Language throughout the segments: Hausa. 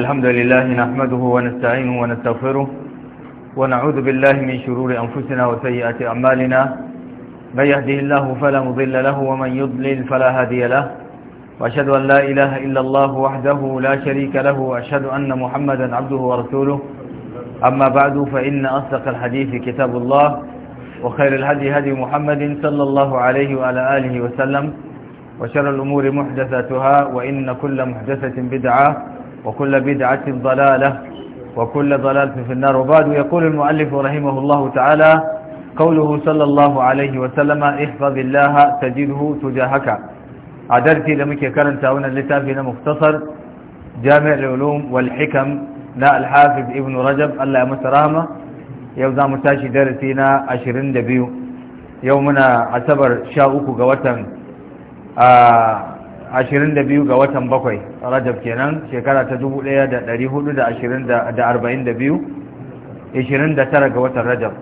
الحمد لله نحمده ونستعينه ونستغفره ونعوذ بالله من شرور أنفسنا وسيئات أعمالنا من يهده الله فلا مضل له ومن يضلل فلا هادي له وأشهد أن لا إله إلا الله وحده لا شريك له وأشهد أن محمدا عبده ورسوله أما بعد فإن أصدق الحديث كتاب الله وخير الهدي هدي محمد صلى الله عليه وعلى آله وسلم وشر الأمور محدثاتها وإن كل محدثة بدعة وكل بدعة ضلالة وكل ضلالة في النار وبعد يقول المؤلف رحمه الله تعالى قوله صلى الله عليه وسلم احفظ الله تجده تجاهك عدرتي لمك كرنت هنا لتافينا مختصر جامع العلوم والحكم نا الحافظ ابن رجب الله مسرامة يوزا متاشي درسينا عشرين دبيو يومنا عتبر شاوكو قوة آه 22 ga watan bakwai rajab kenan shekara ta 1442 29 ga watan rajab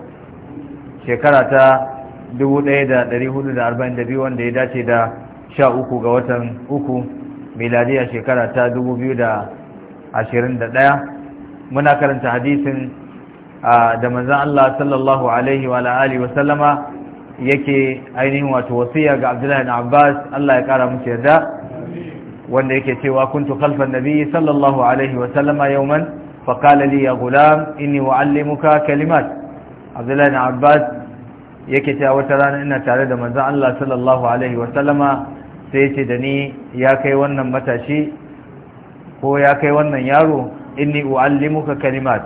shekara ta 1442 wanda ya dace da 13 ga watan uku miladiya shekara ta 2021 muna karanta hadisin da manzan Allah sallallahu alaihi wa alihi wa sallama yake ainihin wato wasiya ga Abdullahi Abbas Allah ya kara muke yarda wanda yake cewa kuntu khalfan nabi sallallahu alaihi wa sallama yawman fa qala li ya gulam inni uallimuka kalimat abbas yake cewa wata rana ina tare da manzon Allah sallallahu alaihi wa sallama sai yace da ni ya kai wannan matashi ko ya kai wannan yaro inni uallimuka kalimat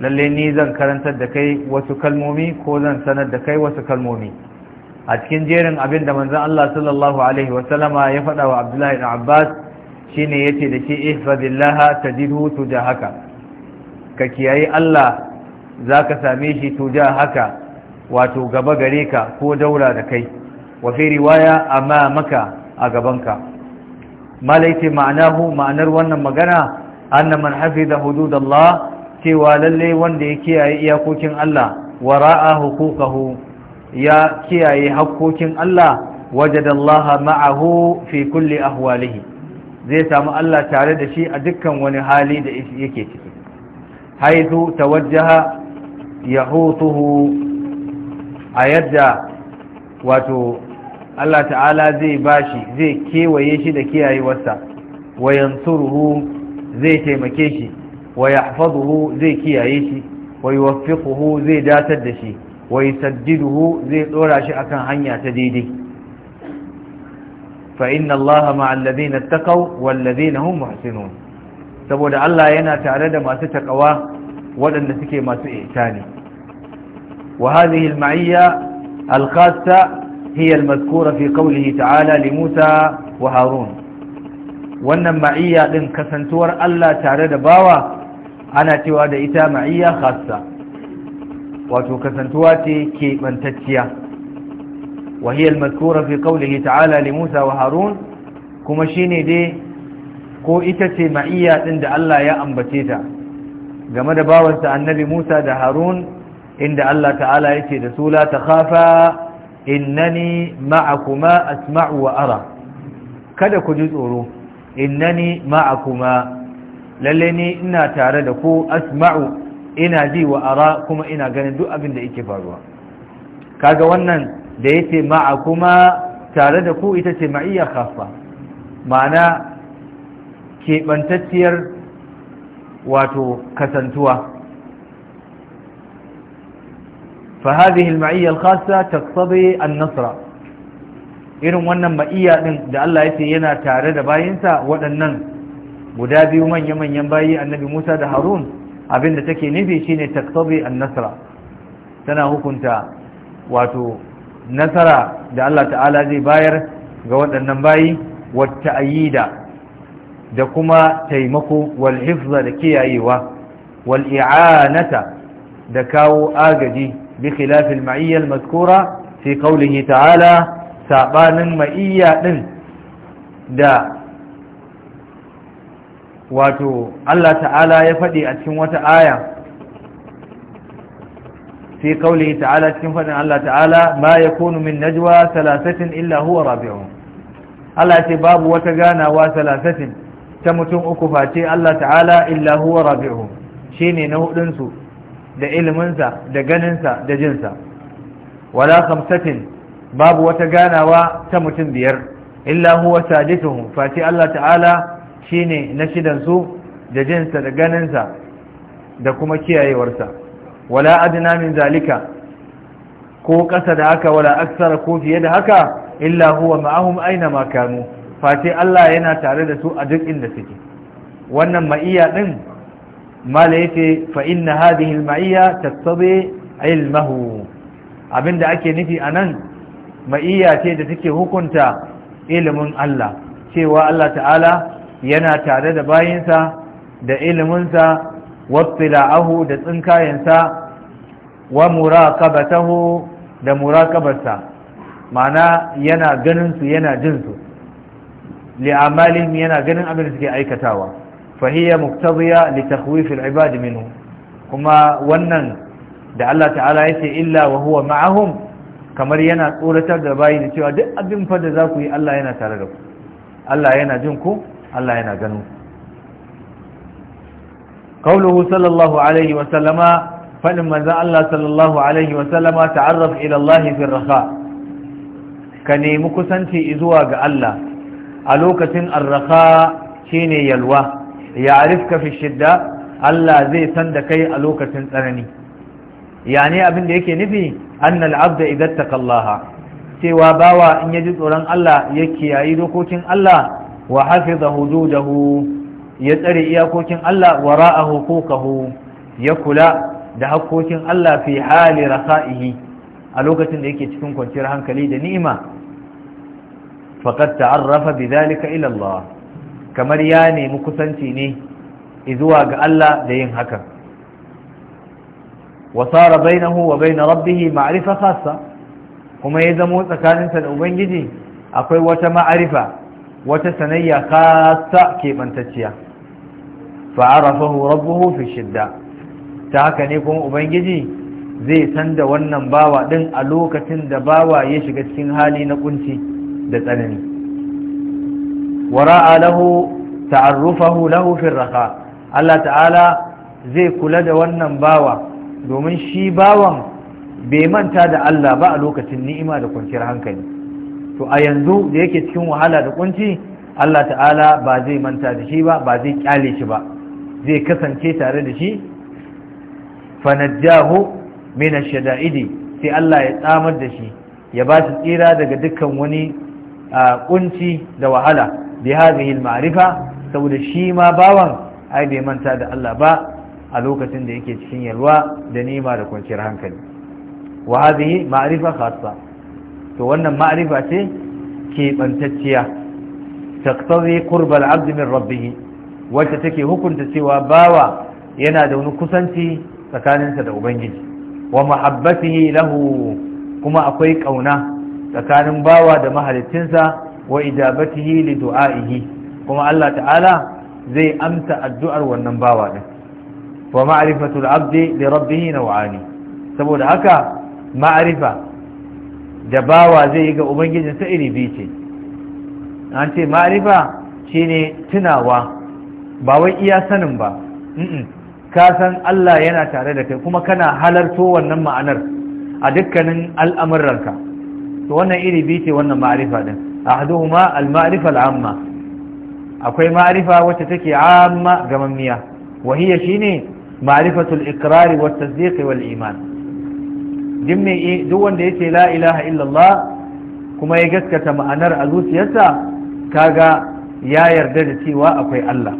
lalle ni zan karantar da kai wasu kalmomi ko zan sanar da kai wasu kalmomi a cikin jerin abinda manzon Allah sallallahu alaihi wasallama ya faɗa wa Abdullahi ibn Abbas shine yace da shi ihfazillah tajidhu tujahaka ka kiyaye Allah zaka same shi tujahaka wato gaba gare ka ko daura da kai wa fi riwaya amamaka a gabanka malaiti ma'anahu ma'anar wannan magana anna man hafiza hududallah cewa lalle wanda ya kiyaye iyakokin Allah wara'a huquqahu ya kiyaye hakkokin Allah wajadallaha ma'ahu fi kulli ahwalihi zai samu Allah tare da shi a dukkan wani hali da yake ciki haithu tawajjaha yahutuhu a yadda wato Allah ta'ala zai bashi zai kewaye shi da kiyayewarsa wa yansuruhu zai taimake shi wa yahfazuhu zai kiyaye shi wa yuwaffiquhu zai datar da shi wai saddiduhu zai ɗora shi akan hanya ta daidai fa inna allaha ma'al ladina taqaw wal ladina hum muhsinun saboda Allah yana tare da masu takawa waɗanda suke masu ihsani wa hadhihi al ma'iyya al hiya al fi qawlihi ta'ala li Musa wa Harun wannan ma'iyya din kasantuwar Allah tare da bawa ana cewa da ita ma'iyya khassa wato kasantuwa ce keɓantacciya wahiyar matkura fi kaulihi ta'ala li musa wa harun kuma shine dai ko ita ce ma'iyya ɗin da Allah ya ambace ta game da bawansa annabi musa da harun inda Allah ta'ala ya ce da su la ta khafa innani ma'akuma asma'u wa ara kada ku ji tsoro innani ma'akuma lalle ni ina tare da ku asma'u ina ji wa ara kuma ina ganin duk abin da yake faruwa kaga wannan da yace ma'a kuma tare da ku ita ce ma'iyya khassa ma'ana keɓantacciyar wato kasantuwa فهذه المعية الخاصة تقتضي النصرة irin wannan ma'iya din da Allah ya ce yana tare da bayinsa waɗannan guda biyu manya-manyan bayi annabi Musa da Harun abinda take nufi shine taktabi an-nasra tana hukunta wato nasara da Allah ta'ala zai bayar ga waɗannan bayi wata ayida da kuma taimako wal hifza da kiyayewa wal i'anata da kawo agaji bi khilafil ma'iyya al-mazkura fi qawlihi ta'ala sabanin ma'iyya din da wato Allah ta'ala ya faɗi a cikin wata aya fi kauli ta'ala cikin faɗin Allah ta'ala ma ya kunu min najwa salasatin illa huwa rabi'un Allah ce babu wata ganawa salasatin ta mutum uku face Allah ta'ala illa huwa rabi'un ne na hudunsu da iliminsa da ganinsa da jinsa wala khamsatin babu wata ganawa ta mutum biyar illa huwa sadisuhum face Allah ta'ala Shi ne na shidansu da jinsa da ganinsa da kuma kiyayewarsa wala adina min zalika ko ƙasa da haka wala aksara ko fiye da haka illa huwa ma'ahum aina ma kanu fati Allah yana tare da su a duk inda suke wannan ma'iya din mala yace fa inna hadhihi al maiya tattabi ilmuhu abinda ake nufi anan ma'iya ce da take hukunta ilimin Allah cewa Allah ta'ala yana tare da bayinsa da iliminsa wattila'ahu da tsinkayensa wa muraqabatahu da muraqabarsa ma'ana yana ganin su yana jin su li'amalin yana ganin abin da suke aikatawa fa hiya li takhwif al-ibad minhu kuma wannan da Allah ta'ala yace illa wa huwa ma'ahum kamar yana tsoratar da bayi da cewa duk abin fa da za ku yi Allah yana tare da ku Allah yana jin ku Allah yana ganin قوله صلى الله عليه وسلم فلما ذا الله صلى الله عليه وسلم تعرف إلى الله في الرخاء كنيم كسنتي إزواج الله ألوكة الرخاء شيني يلوى يعرفك في الشدة الله زي سندكي ألوكة أنني يعني أبن ديك نفي أن العبد إذا اتقى الله سوى باوى إن يجد أولان الله يكي يعيد كوتين الله wa hafiza hududahu ya tsare iyakokin Allah wa ra'a hukukahu ya kula da hakkokin Allah fi hali rasa'ihi a lokacin da yake cikin kwanciyar hankali da ni'ima faqad ta'arrafa bidhalika ila Allah kamar ya nemi kusanci ne Izuwa ga Allah da yin hakan wa sara bainahu wa bain rabbih ma'rifa khassa kuma ya zamo tsakaninsa da ubangiji akwai wata ma'arifa wata sanayya kasa keɓantacciya fa'arafahu rabbuhu fi shidda ta haka ne kuma ubangiji zai san da wannan bawa ɗin a lokacin da bawa ya shiga cikin hali na kunci da tsanani wara'a lahu ta'arrufahu lahu fi raka Allah ta'ala zai kula da wannan bawa domin shi bawan bai manta da Allah ba a lokacin ni'ima da kwanciyar hankali to a yanzu da yake cikin wahala da kunci Allah ta'ala ba zai manta da shi ba ba zai kyale shi ba zai kasance tare da shi fanajjahu min ash-shada'idi sai Allah ya tsamar da shi ya ba shi tsira daga dukkan wani kunci da wahala bi hadhihi al-ma'rifa saboda shi ma bawan ai bai manta da Allah ba a lokacin da yake cikin yalwa da nema da kwanciyar hankali wa hadhihi ma'rifa khassa to wannan ma'arifa ce keɓantacciya taqtadi qurbal abdi min rabbih wacce take hukunta cewa bawa yana da wani kusanci tsakaninsa da ubangiji wa mahabbatihi lahu kuma akwai ƙauna. tsakanin bawa da mahalicinsa wa ijabatihi li du'aihi kuma Allah ta'ala zai amsa addu'ar wannan bawa din wa ma'rifatul abdi li rabbihi naw'ani saboda haka ma'arifa da bawa zai yi ga ubangijinsa iri biyu ce an ce ma'arifa shi ne tunawa ba wai iya sanin ba ka san Allah yana tare da kai kuma kana halarto wannan ma'anar a dukkanin al'amuranka to wannan iri biyu ce wannan ma'arifa din A al-ma'rifa al-amma akwai ma'arifa wacce take amma gamammiya wahiya shine ma'rifatul iqrar wa tasdiq wal iman duk duk wanda yace la ilaha illallah kuma ya gaskata ma'anar a zuciyarsa kaga ya yarda da cewa akwai Allah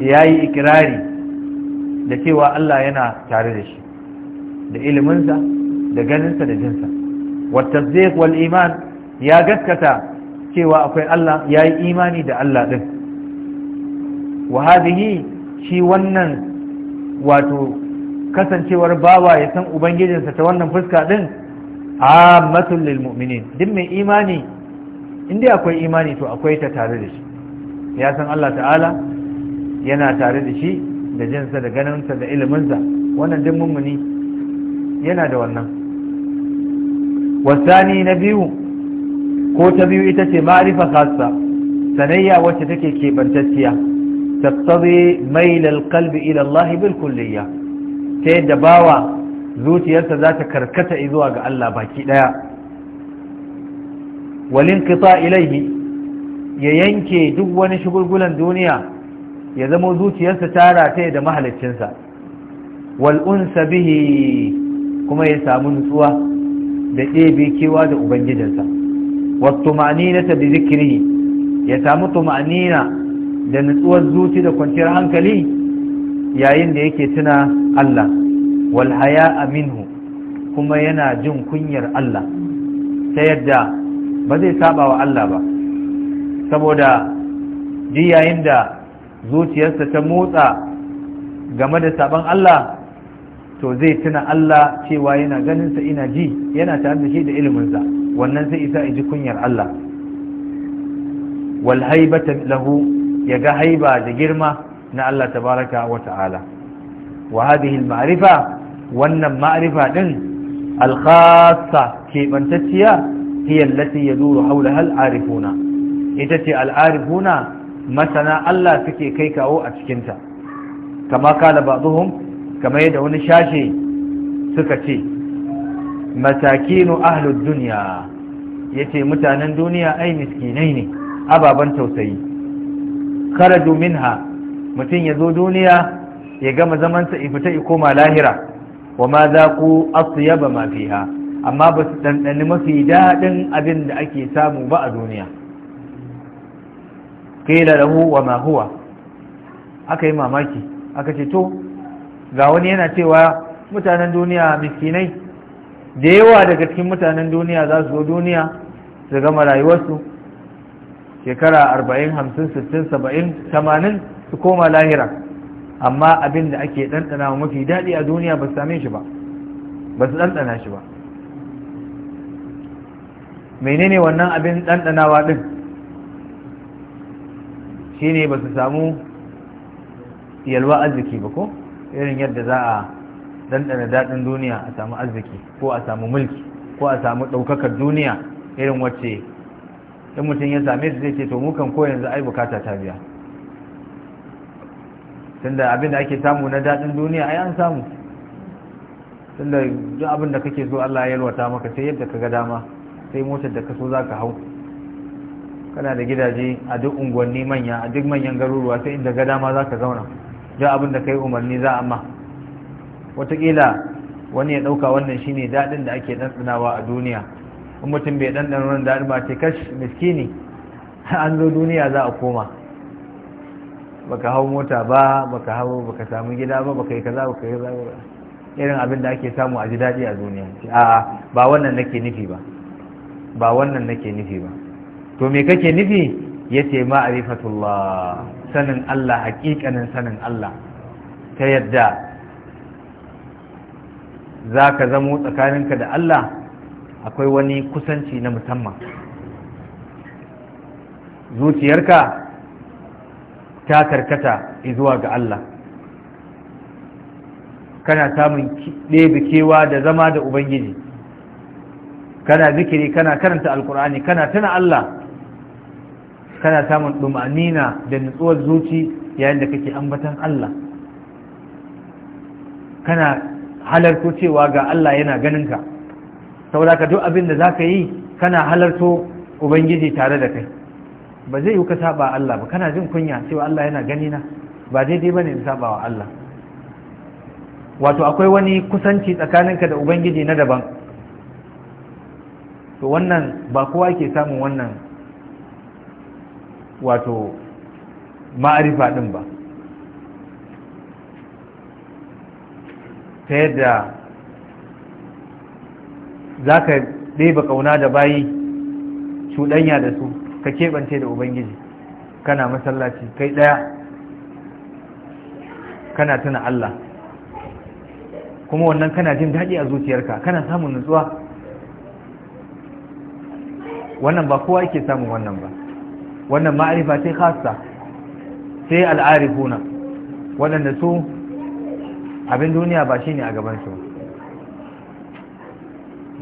ya yi ikirari da cewa Allah yana tare da shi da iliminsa da ganinsa da jinsa wata wal iman ya gaskata cewa akwai Allah ya yi imani da Allah ɗin wa hadhihi shi wannan wato kasancewar bawa ya san ubangijinsa ta wannan fuska din ammatul lil mu'minin duk mai imani in dai akwai imani to akwai ta tare da shi ya san Allah ta'ala yana tare da shi da jinsa da ganinsa da iliminsa wannan duk mummuni yana da wannan wasani na biyu ko ta biyu ita ce ma'arifa khassa sanayya wacce take keɓantacciya tattabi mailal qalbi ila Allah bil kulliyya ta yadda bawa zuciyarsa za ta karkata zuwa ga Allah baki ɗaya walin kisa ilaihi ya yanke duk wani shugulgulan duniya ya zama zuciyarsa tara ta da mahaliccinsa wal'unsa bihi kuma ya samu nutsuwa da ɗebe kewa da ubangijinsa wasu ma'anina ta bi zikiri ya samu tumanina da nutsuwar zuci da kwanciyar hankali yayin da yake tuna Allah walhaya haya kuma yana jin kunyar Allah ta yadda ba zai saba wa Allah ba saboda ji yayin da zuciyarsa ta motsa game da sabon Allah to zai tuna Allah cewa yana ganinsa ina ji yana tare da shi da iliminsa wannan zai isa ji kunyar Allah wal haibata lahu ya ga haiba da girma na Allah tabaraka wa ta'ala wa hadhihi al-ma'rifa wannan ma'rifa din al-khassa ke bantacciya hiya allati yaduru hawlaha al-arifuna ita ce al-arifuna masana Allah suke kai kawo a cikin ta kama kala ba'dhum kama yadda wani shashe suka ce matakinu ahlud dunya yace mutanen duniya ai miskinai ne ababan tausayi kharaju minha mutum ya zo duniya ya gama zamansa ya fita ya koma lahira wa ma za ku ba ma fiha amma ba su ɗanɗani mafi daɗin abin da ake samu ba a duniya kila lahu wa ma huwa aka yi mamaki aka ce to ga wani yana cewa mutanen duniya miskinai da yawa daga cikin mutanen duniya za su zo duniya su gama rayuwarsu shekara arba'in hamsin sittin saba'in tamanin su koma lahira amma abin da ake ɗanɗana wa mafi daɗi a duniya ba su same shi ba ba su ɗanɗana shi ba menene wannan abin ɗanɗanawa ɗin shi ne ba su samu yalwa arziki ba ko irin yadda za a ɗanɗana daɗin duniya a samu arziki ko a samu mulki ko a samu ɗaukakar duniya irin wacce in mutum ya same su zai ce to mukan ko yanzu ai bukata ta biya tunda abin da ake samu na daɗin duniya ai an samu tunda duk abin da kake so Allah ya yalwata maka sai yadda ka ga dama sai motar da ka so za ka hau kana da gidaje a duk unguwanni manya a duk manyan garuruwa sai inda ga dama za ka zauna duk abin da ka yi umarni za a ma watakila wani ya ɗauka wannan shine daɗin da ake ɗanɗanawa a duniya in mutum bai ɗanɗana wannan daɗin ba ce kash miskini an zo duniya za a koma baka hau mota ba baka hau baka samu gida ba baka yi kaza baka yi zaura irin abin da ake samu a ji daɗi a duniya a ba wannan nake nufi ba ba wannan nake nufi ba to me kake nufi yace ma'arifatullah sanin Allah hakikanin sanin Allah ta yadda za ka zamo tsakaninka da Allah akwai wani kusanci na musamman zuciyarka ta karkata zuwa ga Allah kana samun ɗebe kewa da zama da ubangiji kana zikiri kana karanta alkur'ani kana tana Allah kana samun ɗumanina da nutsuwar zuci yayin da kake ambatan Allah kana halarto cewa ga Allah yana ganinka saboda ka duk abin da za ka yi kana halarto ubangiji tare da kai ba zai yi ka saba Allah ba kana jin kunya cewa Allah yana gani na ba daidai bane in saba wa Allah wato akwai wani kusanci tsakaninka da ubangiji na daban to wannan ba kowa ke samun wannan wato ma'arifa din ba ta yadda za ka ɗeba ƙauna da bayi cuɗanya da su ka keɓance da ubangiji kana masallaci kai ɗaya kana tuna Allah kuma wannan kana jin daɗi a zuciyarka kana samun nutsuwa wannan ba kowa yake samun wannan ba wannan ma'arifa sai khasa sai al'arifuna waɗanda su abin duniya ba ne a gabansu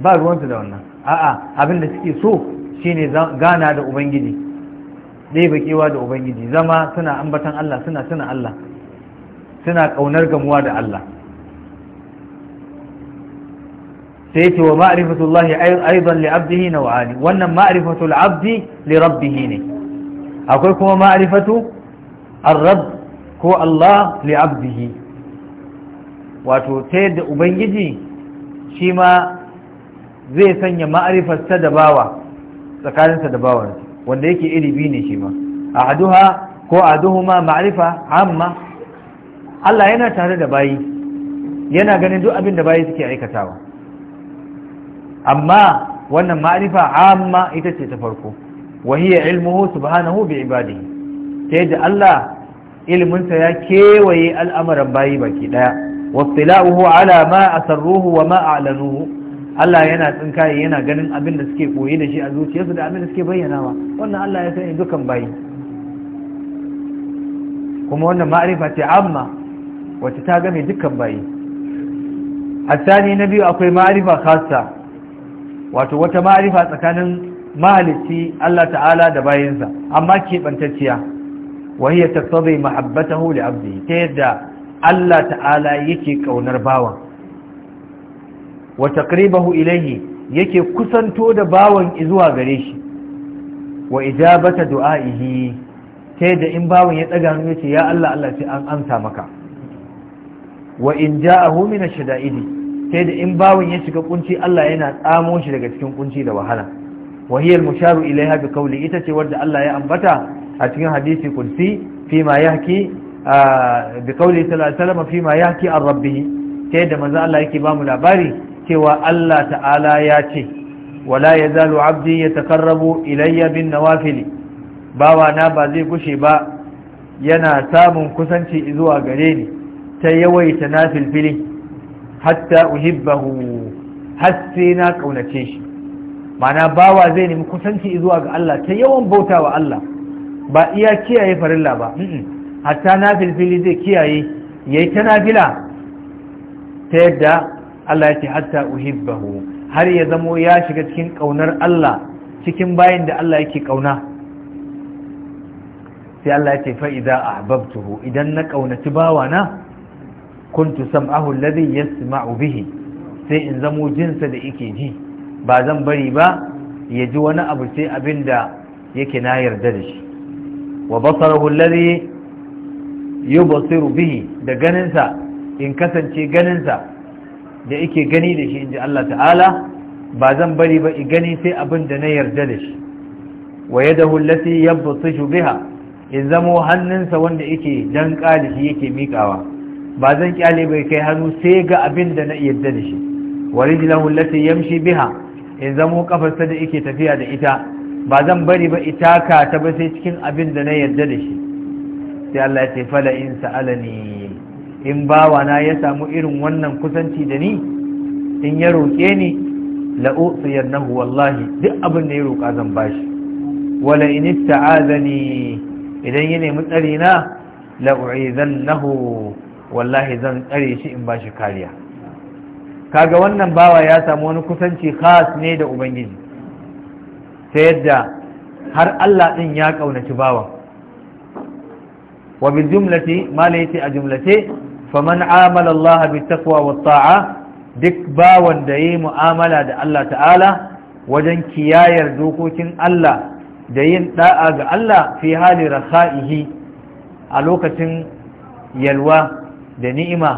ba ruwansu da wannan a'a abin da suke so shine gana da ubangiji ɗaya bakewa da ubangiji zama suna ambatan Allah suna suna Allah suna ƙaunar gamuwa da Allah sai ce wa ma'rifatullahi aidan li abdihi wa'ani, wannan ma'rifatul abdi li rabbihi ne akwai kuma ma'rifatu al rabb ko Allah li abdihi wato ta yadda ubangiji shi ma zai sanya ma'rifarsa da bawa tsakaninsa da bawan wanda yake iri biyu ne shi ma ahaduha ko ahaduhuma ma'rifa amma Allah yana tare da bayi yana ganin duk abin da bayi suke aikatawa amma wannan ma'arifa amma ita ce ta farko wa ilmuhu subhanahu bi ibadi? sai da Allah ilminsa ya kewaye al'amuran bayi baki daya wasila'uhu ala ma asarruhu wa ma a'lanuhu Allah yana tsinkaye yana ganin abin da suke koyi da shi a zuciyarsu da abin da suke bayyanawa wannan Allah ya sani dukan bayi kuma wannan ma'arifa ce amma wacce ta game dukkan bayi asali na biyu akwai ma'arifa khassa wato wata ma'arifa tsakanin mahalicci Allah ta'ala da bayinsa amma keɓantacciya wahiyar tattabai mahabbatahu li abdi ta yadda Allah ta'ala yake ƙaunar bawan wa taqribahu ilayhi yake kusanto da bawan zuwa gare shi wa ijabata du'aihi sai da in bawan ya tsaga hannu yace ya Allah Allah sai an amsa maka wa in ja'ahu min ash-shada'idi sai da in bawan ya shiga kunci Allah yana tsamo shi daga cikin kunci da wahala wa hiya al-musharu ilayha bi qawli ita ce wanda Allah ya ambata a cikin hadisi kursi fi ma yahki bi qawli sallallahu alaihi wasallam fi ma yahki an rabbih sai da manzo Allah yake ba mu labari cewa Allah ta'ala ya ce wala ya zalu abdi ya takarrabu ilayya bin nawafili bawa na ba zai gushe ba yana samun kusanci zuwa gare ni ta yawaita nafilfili hatta uhibbahu har sai na kaunace shi mana bawa zai nemi kusanci zuwa ga Allah ta yawan bauta wa Allah ba iya kiyaye farilla ba hatta nafilfili zai kiyaye yayi ta nafila ta yadda Allah ya ce hatta uhibbahu har ya zamo ya shiga cikin kaunar Allah cikin bayin da Allah yake kauna sai Allah ya ce fa idza ahbabtuhu idan na kaunaci bawana kuntu sam'ahu alladhi yasma'u bihi sai in zamo jinsa da yake ji ba zan bari ba ya ji wani abu sai abin da yake na yarda da shi wa basarahu alladhi yubsiru bihi da ganinsa in kasance ganinsa da yake gani da shi inji Allah ta'ala ba zan bari ba gani sai abin da na yarda da shi wa yadahu allati yabtashu biha in zamo hannunsa wanda yake dan da shi yake mikawa ba zan kyale bai kai hannu sai ga abin da na yarda da shi wa rijlahu allati yamshi biha in zamo kafarsa da yake tafiya da ita ba zan bari ba itaka ta ba sai cikin abin da na yarda da shi sai Allah ya ce fala in sa'alani in na ya samu irin wannan kusanci da ni in ya roƙe ni la'utsiyannahu wallahi duk abin da ya roƙa zan bashi wala in ista'azani idan ya nemi tsari na la'u'izannahu wallahi zan tsare shi in bashi kariya kaga wannan bawa ya samu wani kusanci khas ne da ubangiji ta yadda har Allah din ya kaunaci bawan wa bil jumlati mala yace a jumlate faman amala Allah bi taqwa wa ta'a duk bawan da yayi mu'amala da Allah ta'ala wajen kiyayar dokokin Allah da yin da'a ga Allah fi hali rakhaihi a lokacin yalwa da ni'ima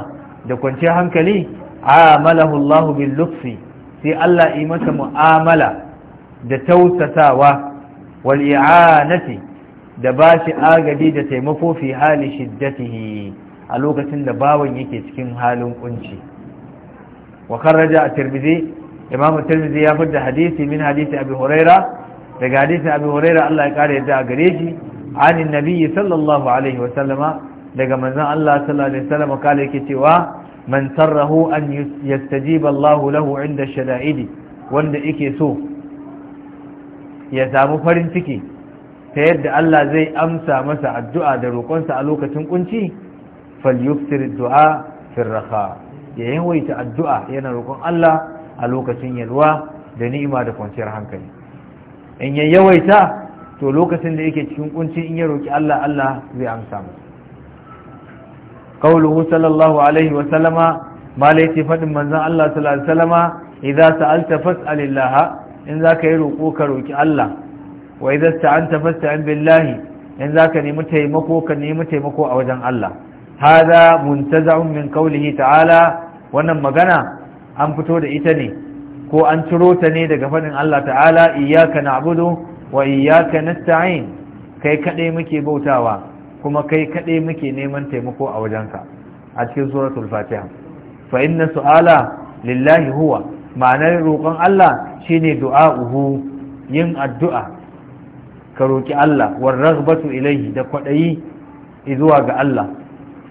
da kwanciyar hankali amalahu Allah bil lutfi sai Allah yi masa mu'amala da tausatawa wal i'anati da bashi agadi da taimako fi hali shiddatihi a lokacin da bawan yake cikin halin kunci wa karraja a tirmidhi imamu Tirmizi ya fadda hadisi min hadisi abi huraira daga hadisin abi huraira Allah ya kare yadda a gare shi an sallallahu alaihi wa daga manzon Allah sallallahu alaihi wa sallama yake cewa man sarrahu an yastajiba Allah lahu inda shada'idi wanda yake so ya samu farin ciki ta yadda Allah zai amsa masa addu'a da roƙonsa a lokacin kunci falyuftir du'a firraha ya yawaita addu'a yana roƙon Allah a lokacin yalwa da ni'ima da kwanciyar hankali in ya yawaita to lokacin da yake cikin kunci in ya roƙi Allah Allah zai amsa masa qauluhu sallallahu alaihi wa sallama malaiti fadin manzon Allah sallallahu alaihi wa sallama idza sa'alta fas'alillah in zaka yi roƙo ka roƙi Allah wa idza sta'anta fasta'in billahi in zaka nemi taimako ka nemi taimako a wajen Allah hada muntaza'un min qawlihi ta'ala wannan magana an fito da ita ne ko an ciro ta ne daga faɗin Allah ta'ala iyyaka na'budu wa iyyaka nasta'in kai kaɗai muke bautawa kuma kai kaɗai muke neman taimako a wajenka a cikin suratul fatiha fa inna su'ala lillahi huwa ma'anar roƙon Allah shine du'a'uhu yin addu'a ka roƙi Allah war raghbatu ilayhi da kwaɗayi zuwa ga Allah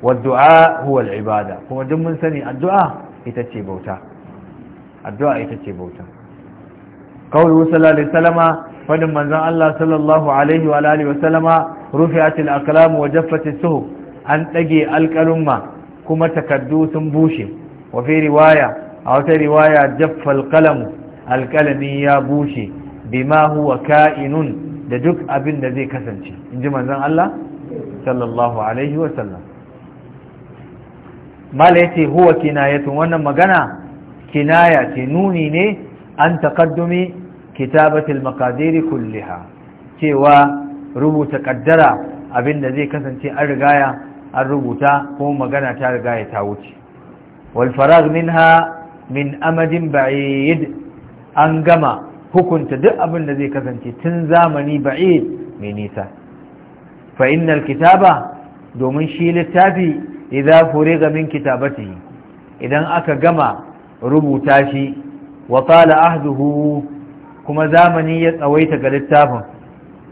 wadda'a huwa al-ibada kuma duk mun sani addu'a ita ce bauta addu'a ita ce bauta qawlu sallallahu alaihi wasallama fadin manzon Allah sallallahu alaihi wa alihi rufe rufi'at al-aqlam wa jaffat as an ɗage alqalumma kuma takardu sun bushe wa fi riwaya a wata riwaya jaffa al-qalam ya bushe bima huwa ka'inun da duk abin da zai kasance inji manzan Allah sallallahu alaihi wa sallam mala yace huwa kinayatun wannan magana kinaya ce nuni ne an taqaddumi kitabati al-maqadir kulliha cewa rubuta kaddara abinda zai kasance an rigaya an rubuta ko magana ta rigaya ta wuce wal faragh minha min amadin ba'id an gama hukunta duk abin da zai kasance tun zamani ba'id mai nisa fa innal kitaba domin shi littafi idza furiga min kitabatihi idan aka gama rubuta shi wa tala ahduhu kuma zamani ya tsawaita ga littafin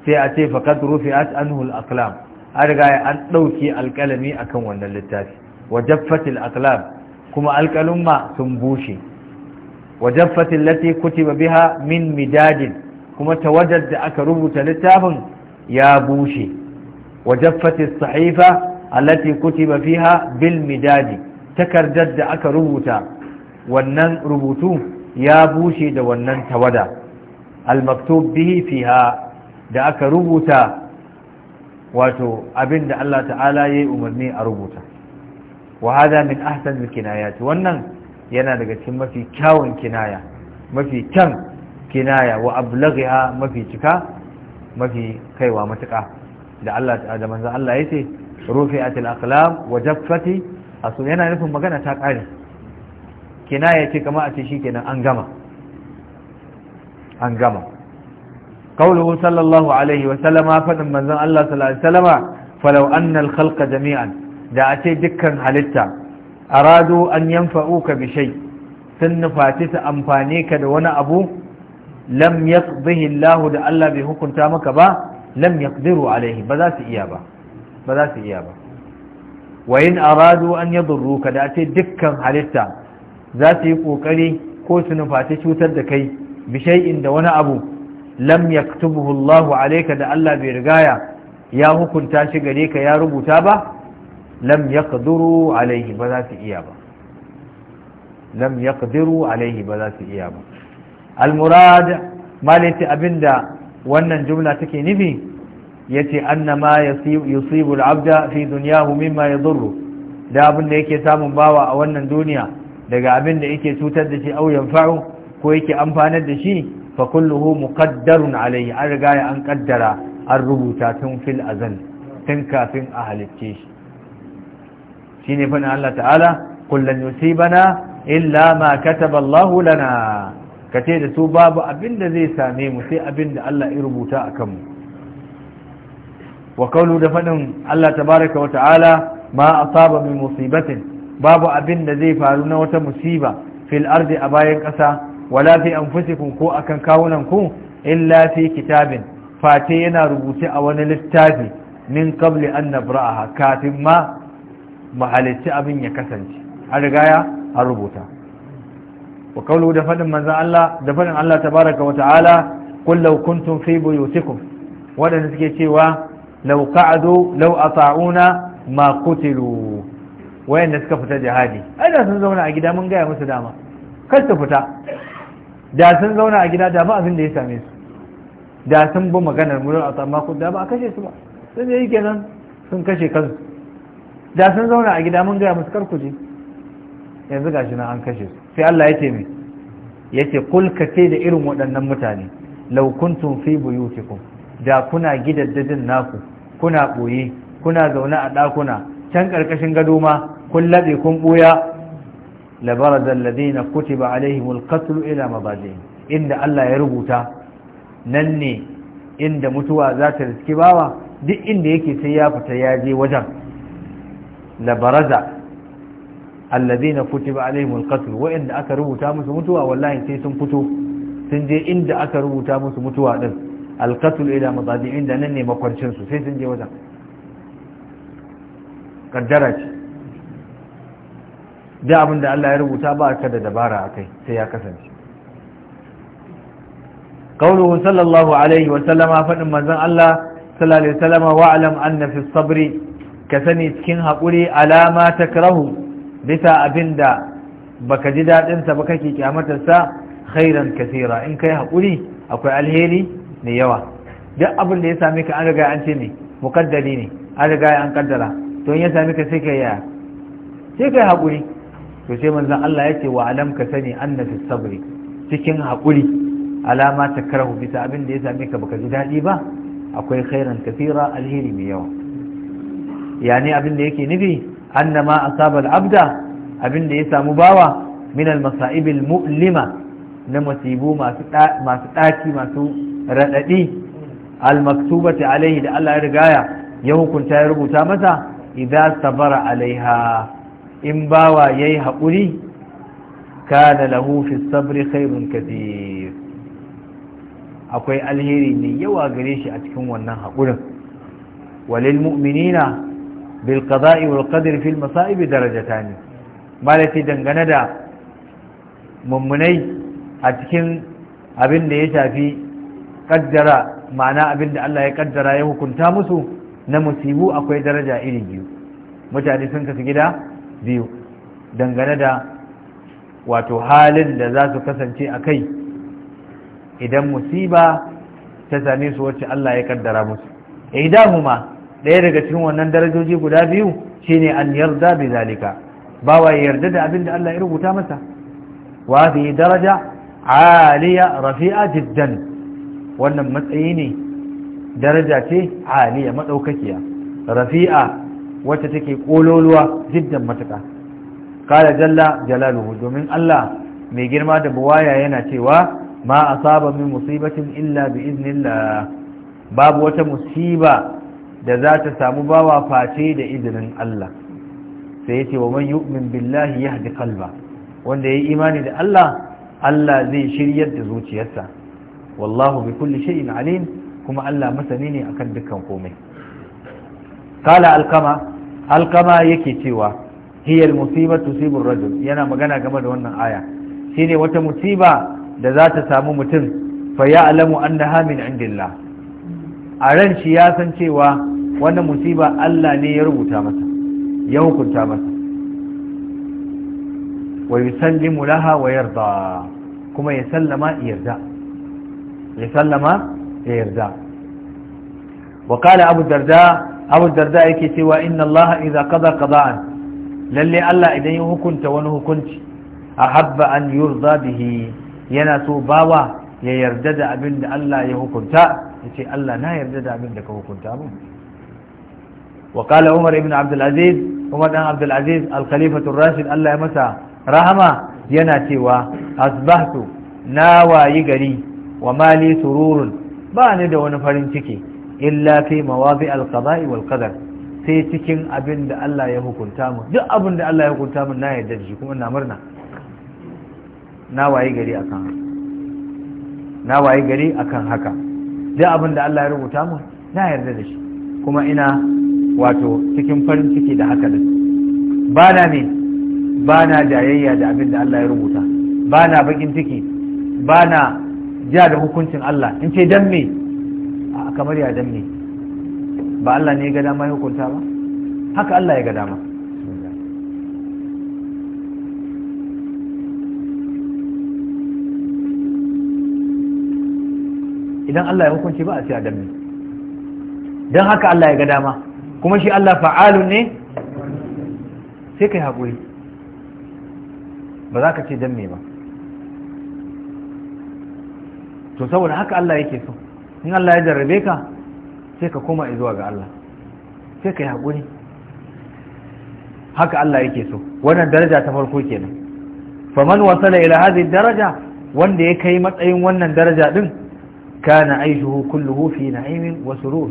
sai a ce faqad rufi'at anhu al-aqlam an riga an dauki alkalami akan wannan littafi wa jaffat al-aqlam kuma alkalumma sun bushe wa jaffat allati kutiba biha min midadin kuma tawadar da aka rubuta littafin ya bushe wa jaffat as-sahifa allati kutiba fiha bil midadi takardar da aka rubuta wannan rubutu ya bushe da wannan tawada al maktub fiha da aka rubuta wato abin da Allah ta'ala ya yi umarni a rubuta wa hada min ahsan kinayat wannan yana daga cikin mafi kyawun kinaya mafi kyan kinaya wa ablaghiha mafi cika mafi kaiwa matuƙa da Allah da manzon Allah yace rufi'at al-aqlam wa jaffati asu yana nufin magana ta Kina ya ce kama a ce shikenan an gama an gama sallallahu alaihi wa sallama faɗin manzon Allah sallallahu alaihi wa falau anna khalqa jami'an da a ce dukkan halitta aradu an yanfa'uka bi shay sun nufati su amfane ka da wani abu lam yaqdihi Allah da Allah bai hukunta maka ba lam yaqdiru alaihi ba za su iya ba ba za su iya ba wa aradu an yadurruka da ce dukkan halitta za su yi kokari ko su nufaci cutar da kai bishai inda wani abu lam yaktubuhu Allahu alayka da Allah bai rigaya ya hukunta shi gare ka ya rubuta ba lam yaqdiru alayhi ba za su iya ba lam yaqdiru alayhi ba za su iya ba al murad abinda wannan jumla take nufi Ya ce annama yusibu al-abda fi dunyahu mimma yadurru da abin da yake samun bawa a wannan duniya daga abin da yake cutar da shi au yanfa'u ko yake amfanar da shi fa kulluhu muqaddarun alayhi an riga ya an kaddara an rubuta tun fil tun kafin a halicce shi shine fa Allah ta'ala kullan yusibana illa ma kataba Allah lana kace da su babu abin da zai same mu sai abin da Allah ya rubuta akan mu wa kaulu da faɗin Allah tabaraka wa ta'ala ma asaba min musibatin babu abin da zai faru na wata musiba fil ardi a bayan ƙasa wala fi anfusikum ko akan kawunan ku illa fi kitabin fate yana rubuce a wani littafi min qabli an nabra'aha kafin ma mahalicci abin ya kasance an riga ya an rubuta wa kaulu da faɗin manzon Allah da faɗin Allah tabaraka wa ta'ala qul kuntum fi buyutikum suke cewa law qa'adu law ata'una ma qutilu wayanda suka fita jihadi ai da sun zauna a gida mun gaya musu dama kar su fita da sun zauna a gida da ba abin da ya same su da sun bi maganar mu a tsamma ku da ba a kashe su ba sun yi kenan sun kashe kansu da sun zauna a gida mun gaya musu kar ku je yanzu gashi na an kashe su sai Allah ya ce mai yace kul ka ce da irin waɗannan mutane law kuntum fi buyutikum da kuna gidaddadin naku kuna ɓoye kuna zaune a ɗakuna can ƙarƙashin gado ma kun laɓe kun ɓoya labarar zallabe na kutiba alaihimul katulu ila mabaje inda Allah ya rubuta nan ne inda mutuwa za ta riski bawa duk inda yake sai ya fita ya je wajen labaraza allazina kutiba alaihimul qatl wa aka rubuta musu mutuwa wallahi sai sun fito sun je inda aka rubuta musu mutuwa din alkatul ila mabadi inda nan ne makwancinsu sai sun je wajen ƙaddara ce da abin da Allah ya rubuta ba a da dabara a kai sai ya kasance ƙauluhu sallallahu alaihi wasallama faɗin manzan Allah sallallahu alaihi wasallama wa'alam an na sabri ka sani cikin haƙuri alama ta krahu bisa abin da baka ka ji daɗinsa ba kake kyamatarsa khairan kasira in kai haƙuri akwai alheri mai yawa duk abin da ya sami ka an riga an ce ne mukaddari ne an riga an kaddara to ya sami ka sai kai yaya sai haƙuri to sai manzon Allah ya ce wa alam ka sani anna fi sabri cikin haƙuri alama ta karahu bisa abin da ya sami ka baka ji daɗi ba akwai khairan kafira alheri mai yawa yani abin da yake nufi annama asaba al-abda abin da ya samu bawa min al-masa'ib mulima na masibu masu ɗaki masu raɗaɗi almaktubati alaihi da Allah ya rigaya ya hukunta ya rubuta mata idza sabara alaiha in bawa yayi haƙuri kana lahu fi sabri khairun kathir akwai alheri ne yawa gare shi a cikin wannan haƙurin walil mu'minina bil qada'i wal qadri fil masa'ib darajatan malati dangane da mummunai a cikin abin da ya shafi kaddara ma'ana abin da Allah ya kaddara ya hukunta musu na musibu akwai daraja iri biyu mutane sun kasu gida biyu dangane da wato halin da za su kasance a kai idan musiba ta same su wacce Allah ya kaddara musu idahuma ɗaya daga cikin wannan darajoji guda biyu shine an yarda bi zalika bawa ya yarda da abin da Allah ya rubuta masa wa fi daraja aliya rafi'a jiddan wannan matsayi ne daraja ce aliya madaukakiya rafi'a wacce take kololuwa jiddan matuka kala jalla jalaluhu domin Allah mai girma da buwaya yana cewa ma asaba min musibatin illa bi iznillah babu wata musiba da za ta samu bawa face da izinin Allah sai yace wa man yu'min billahi yahdi qalba wanda yayi imani da Allah Allah zai shiryar da zuciyarsa wallahu bi kulli shay'in alim kuma Allah masani ne akan dukkan komai kala alkama alkama yake cewa hiyar musiba tusibu rajul yana magana game da wannan aya shine wata musiba da za ta samu mutum fa ya'lamu annaha min indillah a ran shi ya san cewa wannan musiba Allah ne ya rubuta masa ya hukunta masa wa yusallimu laha wa yarda kuma ya sallama yarda ya sallama ya yarda wa kala abu darda abu darda yake cewa inna Allah idza qada qada'an lalle Allah idan ya hukunta wani hukunci ahabba an yurda bihi yana so bawa ya yarda da abin da Allah ya hukunta yace Allah na yarda da abin da ka hukunta mu wa kala Umar ibn Abdul Aziz Umar dan Abdul Aziz al-Khalifatu ar-Rashid Allah ya masa rahama yana cewa asbahtu na wayi gari wa mali sururun ba ni da wani farin ciki illa fi mawazi alqada'i wal qadar sai cikin abin da Allah ya hukunta mu duk abin da Allah ya hukunta mu na yarda da shi kuma ina murna na wayi gari akan na waye gari akan haka duk abin da Allah ya rubuta mu na yarda da shi kuma ina wato cikin farin ciki da haka din ba na ne ba na jayayya da abin da Allah ya rubuta ba na bakin ciki ba na ja da hukuncin Allah in ce dan me kamar ya dan me ba Allah ne ya ga dama ya hukunta ba haka Allah ya ga dama idan Allah ya hukunci ba a ce a dan me dan haka Allah ya ga dama kuma shi Allah fa'alun ne sai kai haƙuri ba za ka ce dan me ba to saboda haka Allah yake so in Allah ya jarrabe ka sai ka koma zuwa ga Allah sai ka yi haƙuri haka Allah yake so wannan daraja ta farko kenan faman wasala ila hadhihi daraja wanda ya kai matsayin wannan daraja din kana aishuhu kulluhu fi na'imin wa surur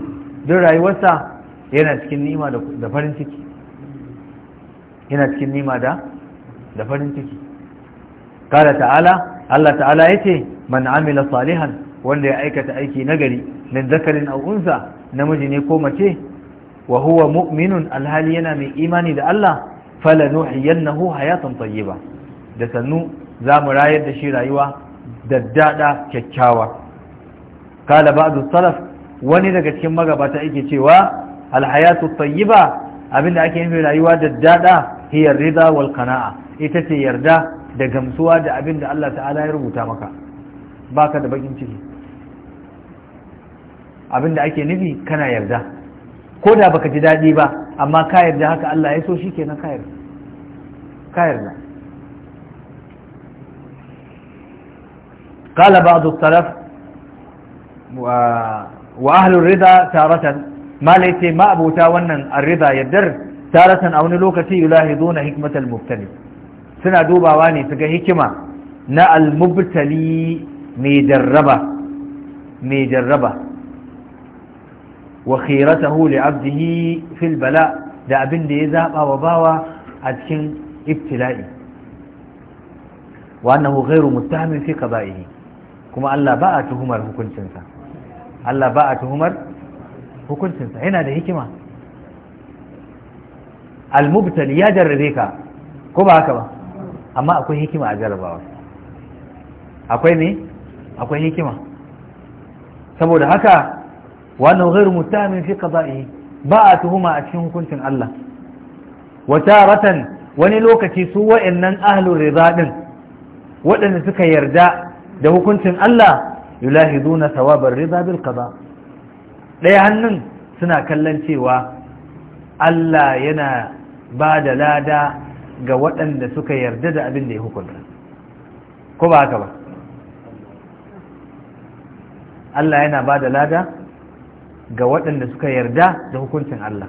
duk rayuwarsa yana cikin nima da farin ciki yana cikin nima da farin ciki kala ta'ala Allah ta'ala yace man amila salihan wanda ya aikata aiki nagari min zakarin aw unsa namiji ne ko mace wa huwa mu'minun alhali yana mai imani da Allah fala nuhiyannahu hayatan tayyiba da sannu za mu rayar da shi rayuwa daddada kyakkyawa kala ba'du salaf wani daga cikin magabata yake cewa alhayatu tayyiba abinda ake yin rayuwa daddada hiya rida wal qana'a ita ce yarda da gamsuwa da abinda Allah ta'ala ya rubuta maka baka da bakin ciki abinda ake nufi kana yarda ko da baka ji daɗi ba amma ka yarda haka Allah ya so shikenan ka yarda ka yarda قال بعض السلف واهل الرضا تارة ما ما ابوتا wannan الرضا yaddar taratan a wani lokaci yulahiduna hikmatal mubtali suna dubawa ne su ga hikima na al-mubtali mai jarraba mai jarraba wa khiratahu li abdihi fil bala da abin da ya zaba wa bawa a cikin ibtila'i wa annahu ghairu muttahamin fi qada'ihi kuma Allah ba a tuhumar hukuncinsa Allah ba a tuhumar hukuncinsa yana da hikima al-mubtali ya jarrabe ka ko ba haka ba amma akwai hikima a jarrabawa akwai ne akwai hikima saboda haka wannan ghairu mutamin fi qada'i ba a tuhuma a cikin hukuncin Allah ratan, wani lokaci su wa'annan ahlur rida din waɗanda suka yarda da hukuncin Allah yulahiduna thawabar rida bil qada ɗaya hannun suna kallon cewa Allah yana ba da lada ga waɗanda suka yarda da abin da ya hukunta ko ba haka ba Allah yana ba da lada ga waɗanda suka yarda da hukuncin Allah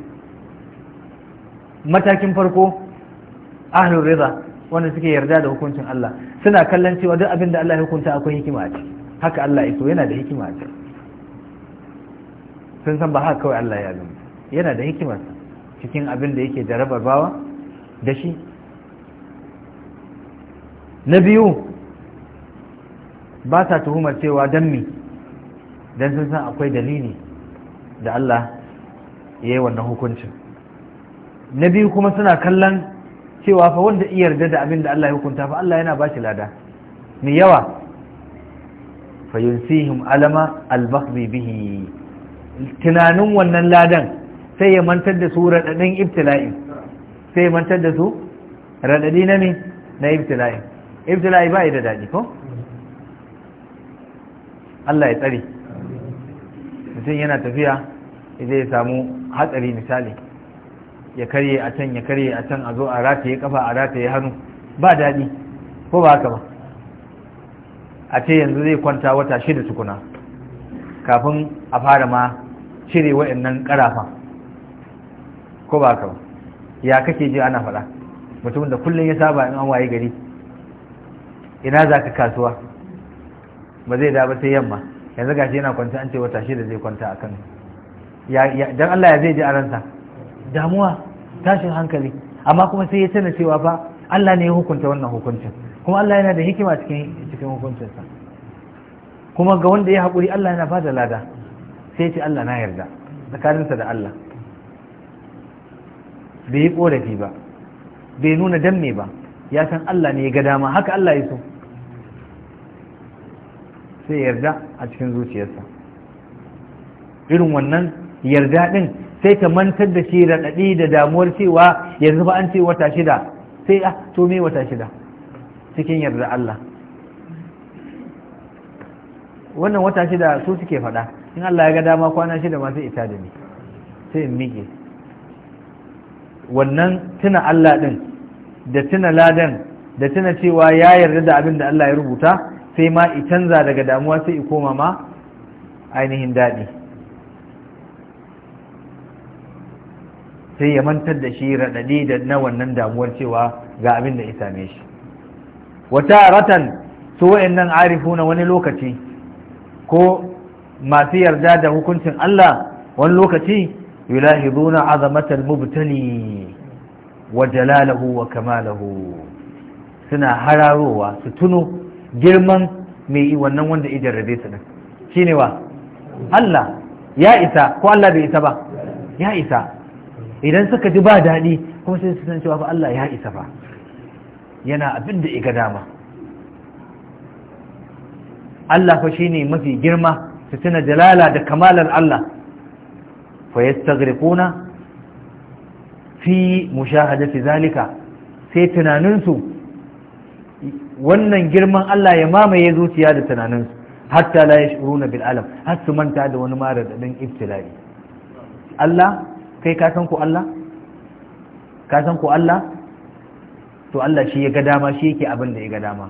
matakin farko ahlul rida wanda suke yarda da hukuncin Allah suna kallon cewa duk abin da Allah ya hukunta akwai hikima a ciki haka Allah iso yana da hikima a ciki sun san ba haka kawai Allah ya zama yana da hikima cikin abin da yake jarabar bawa da shi na biyu ba sa tuhumar cewa don mi don sun san akwai dalili da Allah ya yi wannan hukuncin na biyu kuma suna kallon cewa fa wanda iya yarda da abin da Allah ya hukunta fa Allah yana ba shi lada mai yawa fa yunsihim alama albakhi bihi tunanin wannan ladan sai ya mantar da su raɗaɗin ibtila'i sai ya mantar da su radadi na ne na ibtila'i ibtila'i ba da dadi ko Allah ya tsare mutum yana tafiya zai samu hatsari misali ya karye a can ya karye a can a zo a rataye kafa a rataye hannu ba daɗi ko ba haka ba a ce yanzu zai kwanta wata shida tukuna kafin a fara ma cire wa'annan ƙarafa ko ba haka ba ya kake ji ana faɗa mutumin da kullum ya saba in an waye gari ina za ka kasuwa ba zai da ba sai yamma yanzu gashi yana kwanta an ce wata shida zai kwanta a kan dan Allah ya zai ji a ransa damuwa tashin hankali amma kuma sai ya tana cewa fa Allah ne ya hukunta wannan hukuncin kuma Allah yana da hikima cikin cikin hukuncinsa kuma ga wanda ya haƙuri Allah yana bada lada sai ce Allah na yarda tsakaninsa da Allah bai yi ƙorafi ba bai nuna dan ba ya san Allah ne ya ga dama haka Allah ya so sai yarda a cikin zuciyarsa irin wannan yarda din sai ta mantar da shi raɗaɗi da damuwar cewa yanzu ba an ce wata shida sai a ah, to me wata shida cikin yarda Allah wannan wata shida su suke faɗa in Allah ya ga dama kwana shida ma sai ita da ni sai in miƙe wannan tuna Allah din da tuna ladan da tuna cewa ya yarda da abin da Allah ya rubuta sai ma i canza daga damuwa sai i koma ma ainihin daɗi sai ya mantar da shi raɗaɗi da na wannan damuwar cewa ga abin da ya same shi wata ratan su wa'annan arifu na wani lokaci ko masu yarda da hukuncin Allah wani lokaci azamatar azamatal mubtali wa jalalahu wa kamalahu suna hararowa su tuno girman mai wannan wanda ya jarrabe su din shine wa Allah ya isa ko Allah bai isa ba ya isa idan suka ji ba daɗi kuma sai su san cewa ba Allah ya isa ba yana abin da iga dama Allah fa shine mafi girma su tuna jalala da kamalar Allah fa yastaghriquna fi mushahadati zalika sai tunaninsu wannan girman Allah ya mamaye zuciya da tunaninsu hatta la yashuruna bil alam har su manta da wani mara da dan Allah kai ka san ku Allah ka san ku Allah to Allah shi ya ga dama shi yake abin da ya ga dama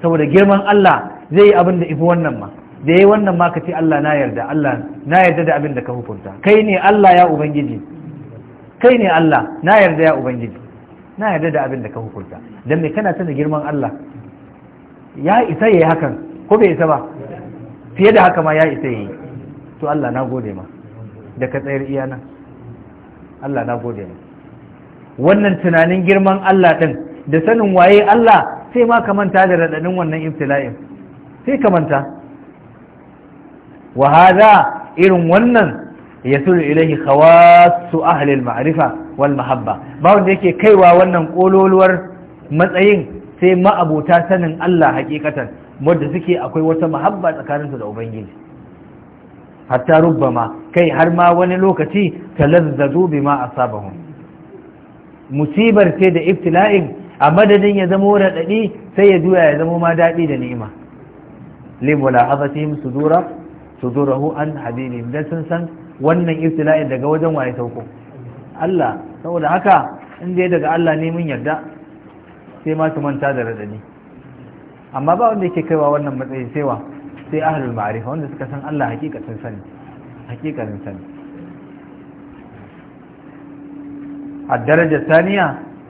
saboda girman Allah zai yi abin da ifi wannan ma da yayi wannan ma ka ce Allah na yarda Allah na yarda da abin da ka hukunta kai ne Allah ya ubangiji kai ne Allah na yarda ya ubangiji na yarda da abin da ka hukunta dan me kana sanin girman Allah ya isa ya yi hakan ko bai isa ba fiye da haka ma ya isa ya yi to Allah na gode ma da ka tsayar iyana Allah na gode ma wannan tunanin girman Allah ɗin da sanin waye Allah sai ma ka manta da radadin wannan imtila'in sai ka manta wa hada irin wannan yasul Ilahi khawassu ahli al-ma'rifa wal mahabba ba wanda yake kaiwa wannan kololuwar matsayin sai ma'abota sanin Allah hakikatan wadda suke akwai wata mahabba tsakaninsu da ubangiji hatta rubbama kai har ma wani lokaci talazzazu bima asabahum musibar ce da iftila'in, a madadin ya zama raɗaɗi sai ya juya ya zama ma daɗi da ni'ima limula hazatihim sudura sudurahu an habibihim dan sun san wannan iftila'in daga wajen waye sauko Allah saboda haka in dai daga Allah ne mun yarda sai ma su manta da radadi amma ba wanda yake kaiwa wannan matsayin sai sai ahlul ma'arifa wanda suka san Allah hakikatin sani hakikatin sani a daraja saniya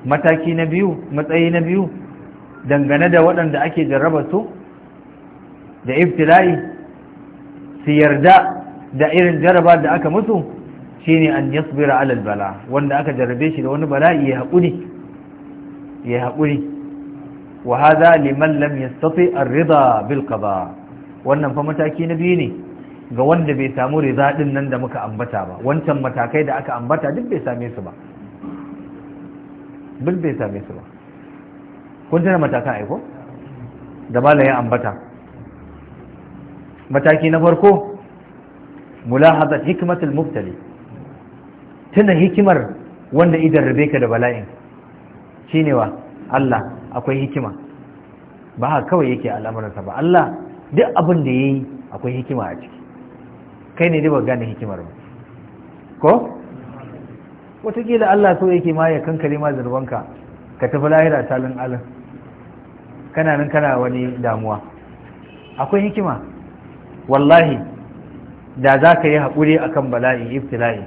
mataki na biyu matsayi na biyu dangane da waɗanda ake jarraba su da ibtila'i su yarda da irin jarraba da aka mutu, shine an yasbira alal bala wanda aka jarrabe shi da wani bala'i ya haƙuri ya haƙuri wa haza liman lam yastati ar-ridha bil qada wannan fa mataki na biyu ne ga wanda bai samu ridha din nan da muka ambata ba wancan matakai da aka ambata duk bai same su ba duk bai same su ba kun tana matakan aiko da malam ya ambata mataki na farko mulahazat hikmatul mubtali tuna hikimar wanda idan Rubeka da bala'in Shi ne wa Allah akwai hikima ba haka kawai yake al'amuransa ba Allah duk abin da yi akwai hikima a ciki kai ne duk gane hikimar ba ko wataƙila Allah so yake ma ya kankali ma zurbanka ka tafi lahira talin alin kana nan kana wani damuwa akwai hikima wallahi da za ka yi haƙuri akan bala'i ibtila'i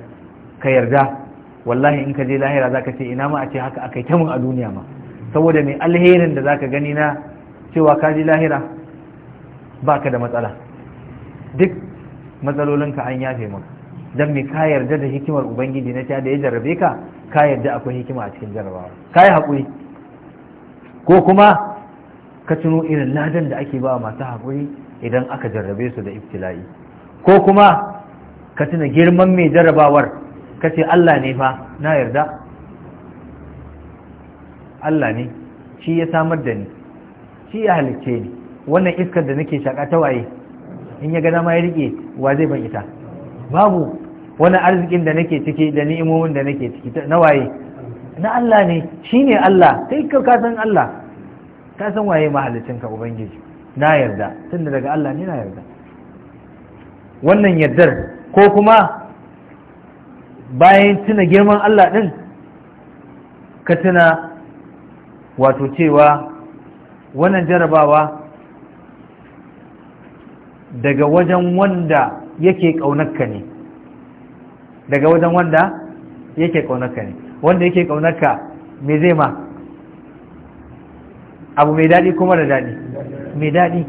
ka yarda wallahi in ka je lahira zaka ce ina ma a ce haka akai ta mun a duniya ma saboda mai alherin da zaka gani na cewa ka je lahira baka da matsala duk matsalolin ka an yafe maka dan me ka yarda da hikimar ubangiji na ta da ya jarrabe ka ka yarda akwai hikima a cikin jarrabawa kai hakuri ko kuma ka tuno irin ladan da ake ba masu hakuri idan aka jarrabe su da ibtila'i ko kuma ka tuna girman mai jarrabawar kace Allah ne fa na yarda Allah ne shi ya samar da ni shi ya halicce ni wannan iskar da nake shaka ta waye in ya gana ma ya rike wa zai ban ita babu wani arzikin da nake ciki da ni'imomin da nake ciki na waye na Allah ne shi ne Allah kai ka san Allah ka san waye ka ubangiji na yarda tunda daga Allah ne na yarda wannan yardar ko kuma bayan tuna girman Allah ɗin ka tuna wato cewa wannan jarabawa daga wajen wanda yake ƙaunarka ne daga wajen wanda yake ƙaunarka ne wanda yake ƙaunarka me zai ma abu mai daɗi kuma da daɗi mai daɗi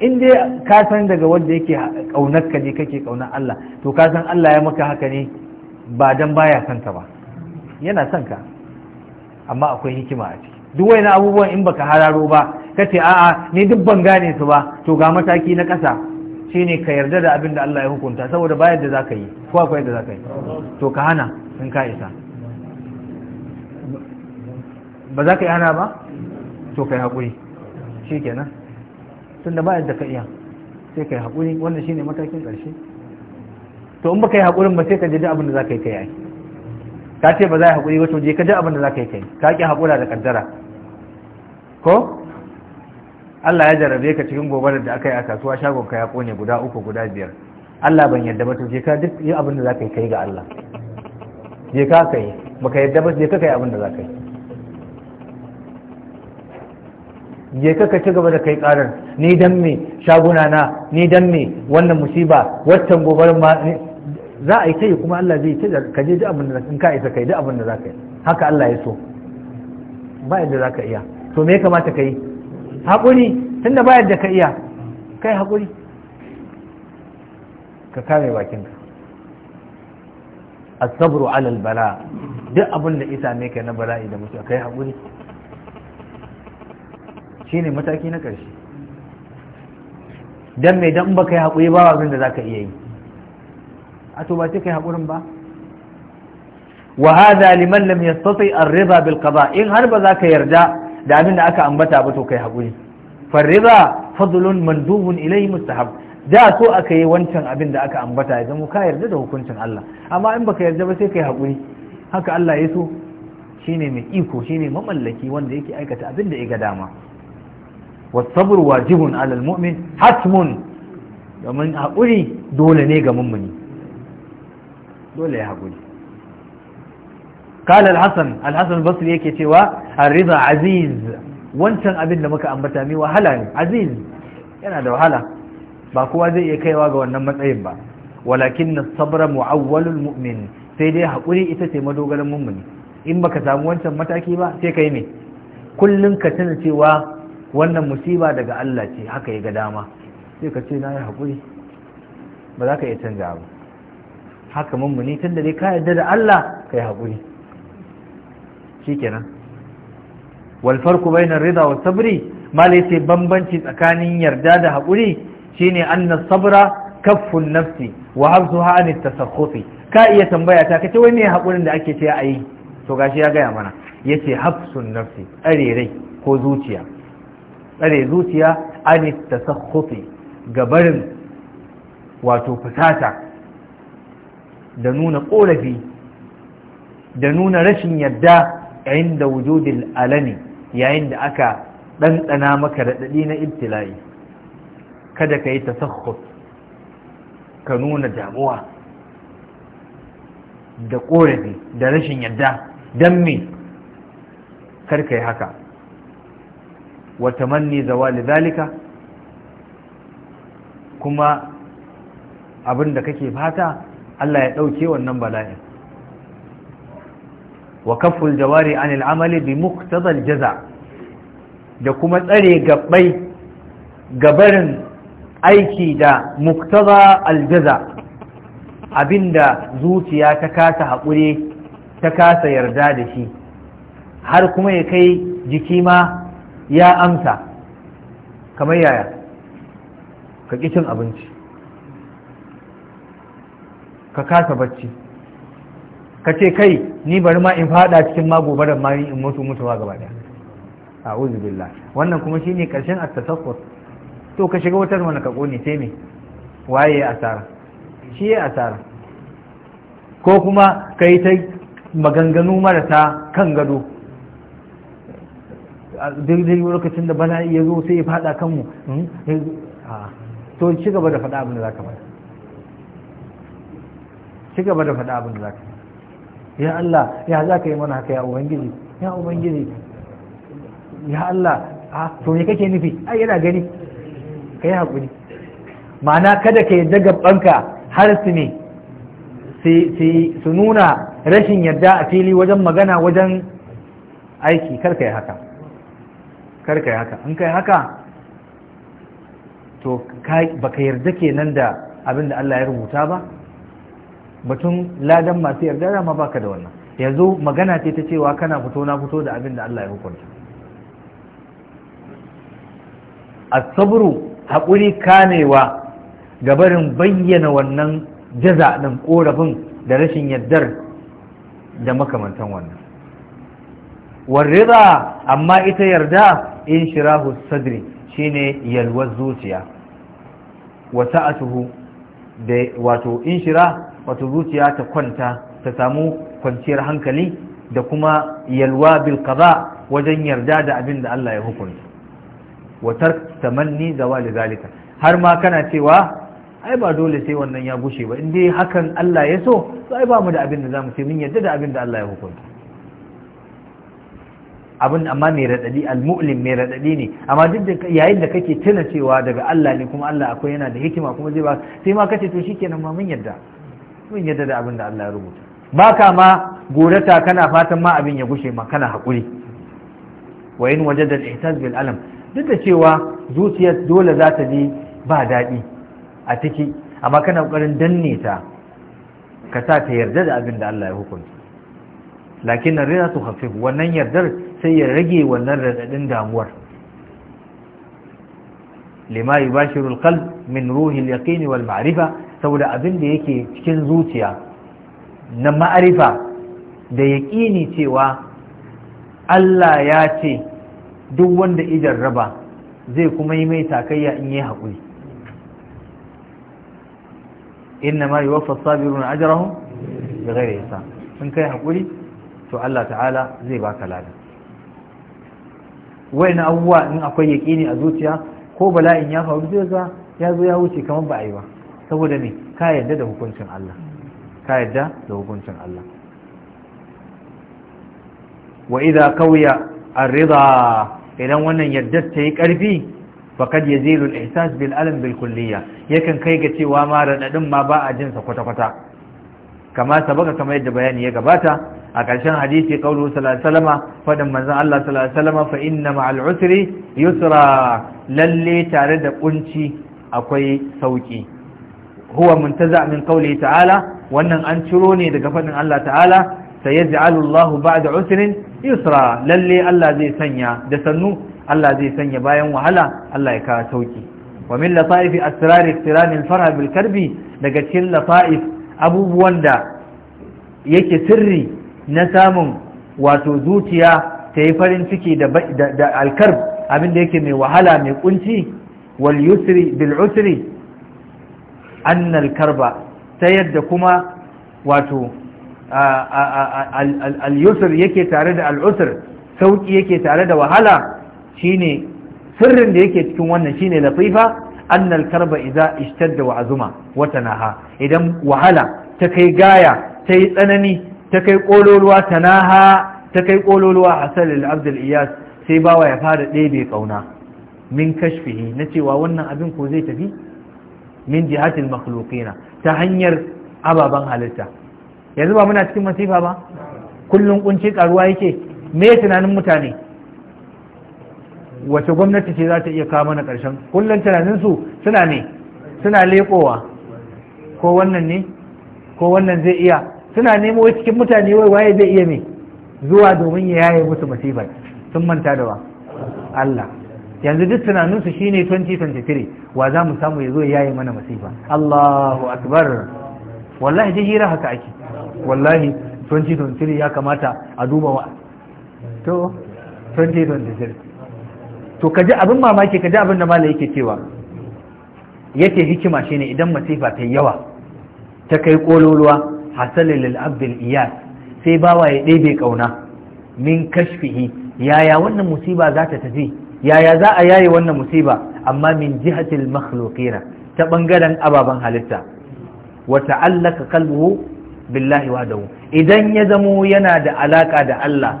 in dai ka san daga wanda yake ƙaunarka ne kake ƙaunar Allah to ka san Allah ya maka haka ne ba dan baya son ka ba yana son ka amma akwai hikima a ciki duk wani abubuwan in baka hararo ba ka ce a'a ni duk ban gane su ba to ga mataki na ƙasa shine ka yarda da abin da Allah ya hukunta saboda bayar da zaka yi ko akwai da zaka yi to ka hana in ka isa ba za ka yi hana ba to kai haƙuri kenan tunda bayar da ka iya sai kai haƙuri wannan shine matakin ƙarshe to in baka yi haƙurin ba sai ka ji abin da za ka yi kai ka ce ba za a haƙuri ba to je ka ji abin da za ka yi kai ka ƙi haƙura da kaddara ko Allah ya jarabe ka cikin gobarar da aka yi a kasuwa shagon ka ya kone guda uku guda biyar Allah ban yadda ba to je ka duk yi abin da za ka yi kai ga Allah je ka ka yi baka yadda ba je ka kai abin da za ka yi je ka ka ci gaba da kai karar ni dan me shaguna na ni dan me wannan musiba wancan gobarar ma za a yi ta yi kuma Allah zai ta ka je duk abin da in ka isa kai duk abin da za ka yi haka Allah ya so ba yadda za ka iya to me ya kamata ka yi haƙuri tunda ba yadda ka iya kai haƙuri ka kame bakinka asabru alal bala duk abin da isa ne kai na bala'i da mutu kai haƙuri shine mataki na ƙarshe dan mai dan ba kai haƙuri ba abin da za ka iya yi a to ba sai kai haƙurin ba wa hadha liman lam yastati ar-ridha bil qada in har ba za ka yarda da abin da aka ambata ba to kai haƙuri farriba fadlun mandubun ilayhi mustahab da so aka yi wancan abin da aka ambata ya zama ka yarda da hukuncin Allah amma in baka yarda ba sai kai haƙuri haka Allah ya so shine mai iko shine mamallaki wanda yake aikata abin da ya ga dama wasabru wajibun alal mu'min hatmun domin haƙuri dole ne ga mummuni dole ya haƙuri kala alhassan alhassan basri yake cewa arriza aziz wancan abin da muka ambata mai wahala ne aziz yana da wahala ba kowa zai iya kaiwa ga wannan matsayin ba walakin na sabra mu'awwalul mu'min sai dai haƙuri ita ce madogaran mummuni in baka samu wancan mataki ba sai kai ne kullum ka tuna cewa wannan musiba daga Allah ce haka ya ga dama sai ka ce na yi haƙuri ba za ka iya canza ba haka mummuni tun da dai ka yarda da Allah kai haƙuri shikenan wal farqu bainar rida wa sabri malai sai bambanci tsakanin yarda da haƙuri shine anna sabra kaffun nafsi wa habsuha an tasakhufi ka iya tambaya ta kace wani ne haƙurin da ake ce ayi to gashi ya gaya mana yace hafsun nafsi tsare rai ko zuciya tsare zuciya an tasakhufi gabarin wato fusata da nuna ƙorafi da nuna rashin yadda yayin da wujudin alani yayin da aka ɗanɗana maka raɗaɗi na ibtila'i kada ka yi tasakhut ka nuna damuwa da ƙorafi da rashin yadda don me karka yi haka wata manni zawali zalika kuma abin da kake fata Allah ya ɗauke wannan bala'in wa kaful jawari anil amali bi muktazal jaza da kuma tsare gabbai gabarin aiki da muktaza aljaza abinda zuciya ta kasa haƙuri ta kasa yarda da shi har kuma ya kai jiki ma ya amsa kamar yaya ka cin abinci ka kasa bacci ka ce kai ni bari ma in fada cikin ma gobarar ma in mutu mutuwa gaba daya a'udhu billah wannan kuma shine karshen at-tasaffur to ka shiga wutar mana ka kone sai me waye asara shi ya asara ko kuma ka yi ta maganganu marasa kan gado daidai lokacin da bana ya zo sai ya fada kanmu hmm? to ci gaba da faɗa abin da za ka faɗa ci gaba da faɗa abin da za ka ya Allah ya za ka yi mana haka ya ubangiji ya ubangiji ya Allah a to me kake nufi ai yana gani ka yi haƙuri ma'ana kada ka yadda gabanka har su ne su nuna rashin yadda a fili wajen magana wajen aiki Kar yi haka karka yi haka in ka yi haka to baka ka yarda kenan da abin da Allah ya rubuta ba batun ladan masu yarda dama baka da wannan yanzu magana ce ta cewa kana fito na fito da abin da Allah ya hukunta asabru haƙuri kanewa ga barin bayyana wannan jaza ɗin korafin da rashin yardar da makamantan wannan warriza amma ita yarda in shirahu sadri shine yalwar zuciya wata atuhu da wato in shira wato zuciya ta kwanta ta samu kwanciyar hankali da kuma yalwa bil qada wajen yarda da abin da Allah ya hukunta wa tark tamanni zawali zalika har ma kana cewa ai ba dole sai wannan ya gushe ba in dai hakan Allah ya so to ai ba mu da abin da zamu ce mun yarda da abin da Allah ya hukunta abin amma mai radadi almu'lim mai radadi ne amma duk da yayin da kake tuna cewa daga Allah ne kuma Allah akwai yana da hikima kuma zai ba sai ma kace to shikenan ma mun yarda mun yadda da abin da Allah ya rubuta baka ma gorata kana fatan ma abin ya gushe ma kana haƙuri wa in wajada al-ihsas bil alam duk da cewa zuciyar dole za ta ji ba daɗi a ciki amma kana ƙoƙarin danne ta ka sa ta yarda da abin da Allah ya hukunta lakin na rina su hafi wannan yardar sai ya rage wannan raɗaɗin damuwar lima yubashiru al min ruhi al-yaqin wal ma'rifa saboda abin da yake cikin zuciya na ma'arifa da yaƙini cewa Allah ya ce duk wanda idan raba zai kuma yi mai takayya in yi haƙuri inna ma yi wafa sabirun ajirahun da gare yasa in kai haƙuri to Allah ta'ala zai baka lada na abubuwa in akwai yaƙini a zuciya ko bala'in ya faru zai ya zo ya wuce kamar ba a yi ba saboda me ka yadda da hukuncin Allah ka yadda da hukuncin Allah wa idza kawiya ar-ridha idan wannan yadda ta yi karfi faqad yazilu al-ihsas bil alam bil kulliyya yakan kai ga cewa ma radadin ma ba a jinsa kwata kwata kama sabaka kama yadda bayani ya gabata a ƙarshen hadisi kaulu salama faɗin manzan Allah salama fa inna ma'al usri yusra lalle tare da kunci akwai sauki huwa muntaza min qawli ta'ala wannan an ciro ne daga fadin Allah ta'ala sayaj'alu Allahu ba'da usrin yusra lalle Allah zai sanya da sannu Allah zai sanya bayan wahala Allah ya kawo sauki wa min lata'if asrar iktiran al-farha bil karbi daga cikin lata'if abubuwan da yake sirri na samun wato zuciya ta yi farin ciki da alkarb abinda yake mai wahala mai kunci wal yusri bil usri annal karba ta yadda kuma wato al-yusr yake tare da al-usr sauki yake tare da wahala shine sirrin da yake cikin wannan shine latifa annal karba idza ishtadda wa azuma wa idan wahala ta kai gaya ta yi tsanani ta kai kololuwa tanaha ta kai kololuwa asalil abdul iyas sai bawa ya fara ɗebe kauna min kashfihi na cewa wannan abin ko zai tafi min jihatil makhluqina ta hanyar ababen halitta yanzu ba muna cikin masifa ba kullum kunci karuwa yake me tunanin mutane wace gwamnati ce za ta iya kawo mana karshen kullum tunanin su suna ne suna lekowa ko wannan ne ko wannan zai iya suna nemo wai cikin mutane wai waye zai iya me zuwa domin ya yaye musu masifa sun manta da wa Allah yanzu duk tunaninsu shine 2023 wa za mu samu ya zo ya yi mana masifa Allahu akbar wallahi ji hira haka ake wallahi 2023 ya kamata a duba wa to 2023 to kaji abin mamaki kaji abin da malai yake cewa yake hikima shine idan masifa ta yawa ta kai kololuwa hasalil lil abdil iyas sai bawa ya ɗebe kauna min kashfihi yaya wannan musiba za ta tafi yaya za a yaye wannan musiba amma min jihatil makhluqina ta bangaren ababen halitta wa ta'allaka qalbuhu billahi wahdahu idan ya zamo yana da alaka da Allah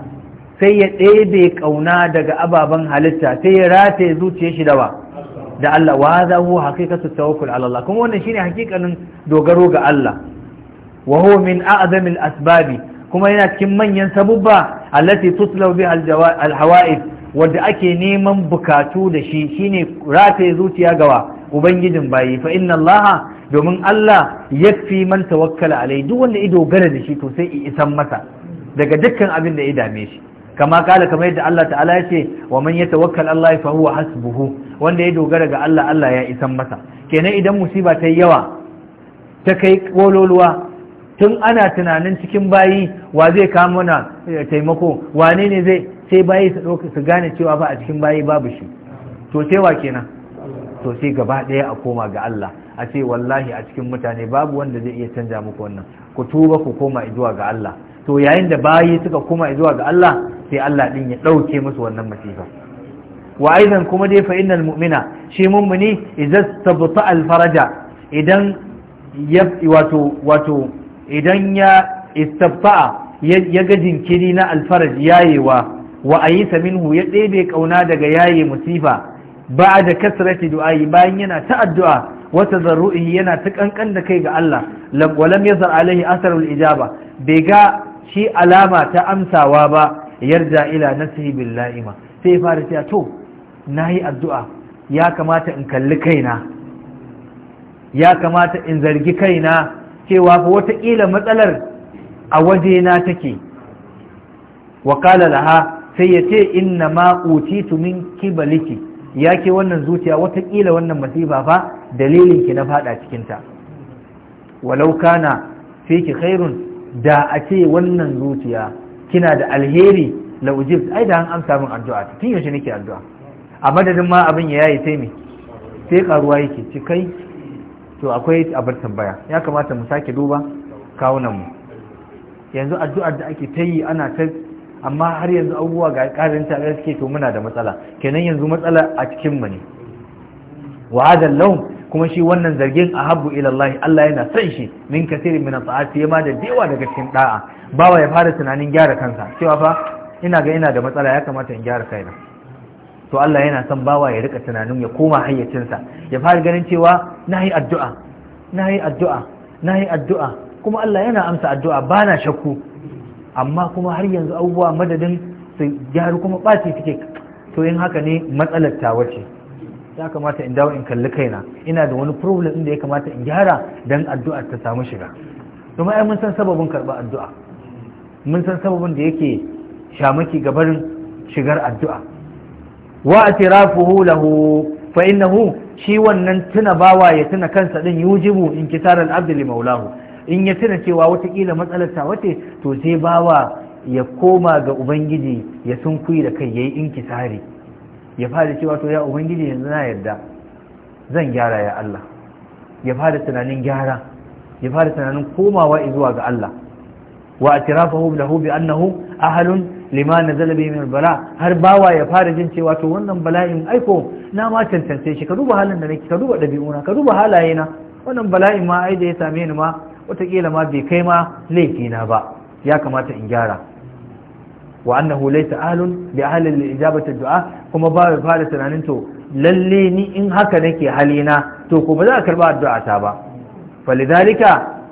sai ya ɗebe kauna daga ababen halitta sai ya rataye zuciyar shi da da Allah wa hadha huwa haqiqatu tawakkul ala Allah kuma wannan shine hakikanin dogaro ga Allah wa huwa min a'zamil asbabi kuma yana cikin manyan sabubba allati tutlaw biha al-hawa'id wanda ake neman bukatu da shi shine rataye zuciya gawa ubangijin bayi fa inna allaha domin Allah yafi man tawakkala alai duk wanda ido gana da shi to sai i isan masa daga dukkan abin da ya dame shi kama kala kamar yadda Allah ta'ala ya ce wa man yatawakkal Allah fa huwa hasbuhu wanda ya dogara ga Allah Allah ya isan masa kenan idan musiba ta yawa ta kai kololuwa tun ana tunanin cikin bayi wa zai kama mana eh, taimako wane ne zai sai bayi su ɗauka su gane cewa ba a cikin bayi babu shi to sai wa kenan to sai gaba ɗaya a koma ga Allah a ce wallahi a cikin mutane babu wanda zai iya canja muku wannan ku tuba ku koma zuwa ga Allah to yayin da bayi suka koma zuwa ga Allah sai Allah din ya ɗauke musu wannan masifa wa aidan kuma dai fa innal mu'mina shi mu'mini idza tabta al faraja idan ya wato wato idan ya ya ga jinkiri na alfaraj yayewa wa ayisa minhu ya ɗebe ƙauna daga yaye musifa ba da kasrati du'ayi bayan yana ta addu'a wata tazarru'ihi yana ta ƙanƙan da kai ga Allah walam yazar alaihi asarul ijaba bai ga shi alama ta amsawa ba yarda ila nafsihi billahi ma sai fara cewa to nayi addu'a ya kamata in kalli kaina ya kamata in zargi kaina cewa fa wataƙila matsalar a wajena take wa laha sai ya ce inna ma utitu min kibaliki ya ke wannan zuciya watakila wannan masifa fa dalilin ki na faɗa cikinta. ta walau kana fiki khairun da a ce wannan zuciya kina da alheri la ujib ai da an amsa min addu'a tun yaushe nake addu'a a madadin ma abin ya yayi sai me sai karuwa yake ci kai to akwai abar tambaya ya kamata mu sake duba kawunan mu yanzu addu'ar da ake ta yi ana ta amma har yanzu abubuwa ga ƙarin tare suke to muna da matsala kenan yanzu matsala a cikin mu ne wa hadal lahum kuma shi wannan zargin ahabbu ila Allah Allah yana son shi min kasirin min sa'ati ma da dewa daga cikin da'a bawa ya fara tunanin gyara kansa cewa fa ina ga ina da matsala ya kamata in gyara kaina to Allah yana son bawa ya rika tunanin ya koma hayyacinsa ya fara ganin cewa nayi addu'a nayi addu'a nayi addu'a kuma Allah yana amsa addu'a bana shakku amma kuma har yanzu abubuwa madadin su gyaru kuma ɓaci suke to in haka ne matsalar ta wace ya kamata in dawo in kalli kaina ina da wani problem da ya kamata in gyara don addu'a ta samu shiga kuma ai mun san sababin karɓar addu'a mun san sababin da yake shamaki gabar shigar addu'a wa atirafuhu lahu fa innahu shi wannan tuna bawa ya tuna kansa din yujibu inkisar al-abd li maulahu in ya tuna cewa watakila matsalar ta wace to sai bawa ya koma ga ubangiji ya kuyi da kai yayi inkisari ya fara cewa to ya ubangiji yanzu na yarda zan gyara ya Allah ya fara tunanin gyara ya fara tunanin komawa zuwa ga Allah wa atirafahu lahu bi annahu ahlun lima nazala bihi min bala har bawa ya fara jin cewa to wannan bala'in aiko na ma tantance shi ka duba halin da nake ka duba dabi'una ka duba halayena wannan bala'in ma ai da ya same ni ma wataƙila ma bai kai ma laifi na ba ya kamata in gyara wa annahu laysa ahlun da ahli al-ijabati du'a kuma ba ya fara tunanin to lalle ni in haka ke hali na to ko ba za ka karba addu'a ta ba falidhalika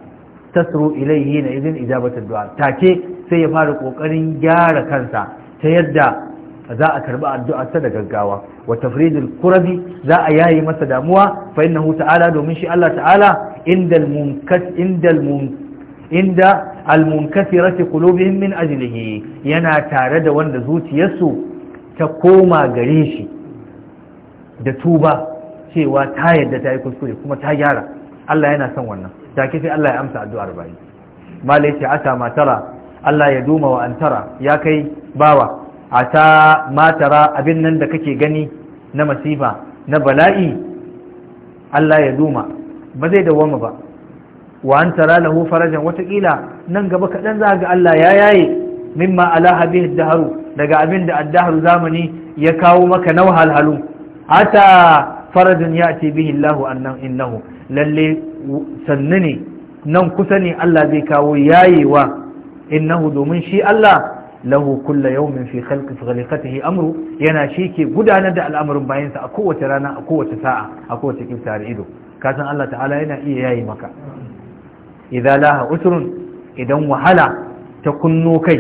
tasru ilayhi na idin ijabati du'a take sai ya fara ƙoƙarin gyara kansa ta yadda za a karbi addu'arsa da gaggawa wa tafrijil kurabi za a yayi masa damuwa fa innahu ta'ala domin shi Allah ta'ala indal munkas indal mun inda al munkasirati qulubihim min ajlihi yana tare da wanda zuciyarsu ta koma gare shi da tuba cewa ta yadda ta yi kuskure kuma ta gyara Allah yana son wannan take sai Allah ya amsa addu'ar bayi malai ce ata ma tara Allah ya duma wa an tara ya kai bawa ta matara abin nan da kake gani na masifa na bala'i Allah ya duma ba zai dawwama ba wa an tara lahu farajan watakila nan gaba kaɗan za ga Allah ya yaye mimma ala habih daharu daga abin da addaharu zamani ya kawo maka na wahalhalu ata farajun ya ce bihi Allah annan innahu lalle sannu ne nan kusa ne Allah zai kawo yayewa innahu domin shi Allah lahu kulla yawmin fi khalqi ghaliqatihi amru yana shi ke gudanar da al'amarin bayansa a kowace rana a kowace sa'a a kowace kifta da ido ka san Allah ta'ala yana iya yayi maka idza laha usrun idan wahala ta kunno kai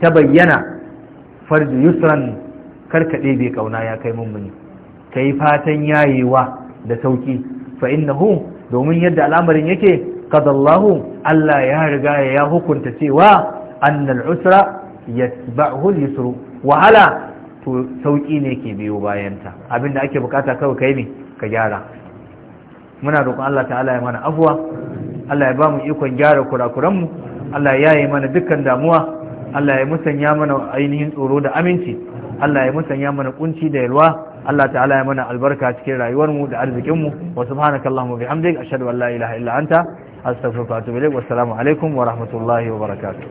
ta bayyana farju yusran karkade bai kauna ya kai mummuni kai fatan yayewa da sauki fa innahu domin yadda al'amarin yake kadallahu Allah ya riga ya hukunta cewa annal usra yatba'hu al wahala to sauki ne ke biyo bayanta abinda ake bukata kawai kai ne ka gyara muna roƙon Allah ta'ala ya mana afuwa Allah ya bamu ikon gyara kurakuranmu Allah ya yi mana dukkan damuwa Allah ya musanya mana ainihin tsoro da aminci Allah ya musanya mana kunci da yalwa Allah ta'ala ya mana albarka cikin rayuwarmu da arzikinmu wa subhanaka allahumma bihamdik ashhadu an la ilaha illa anta astaghfiruka wa atubu ilaik wa alaikum wa rahmatullahi wa barakatuh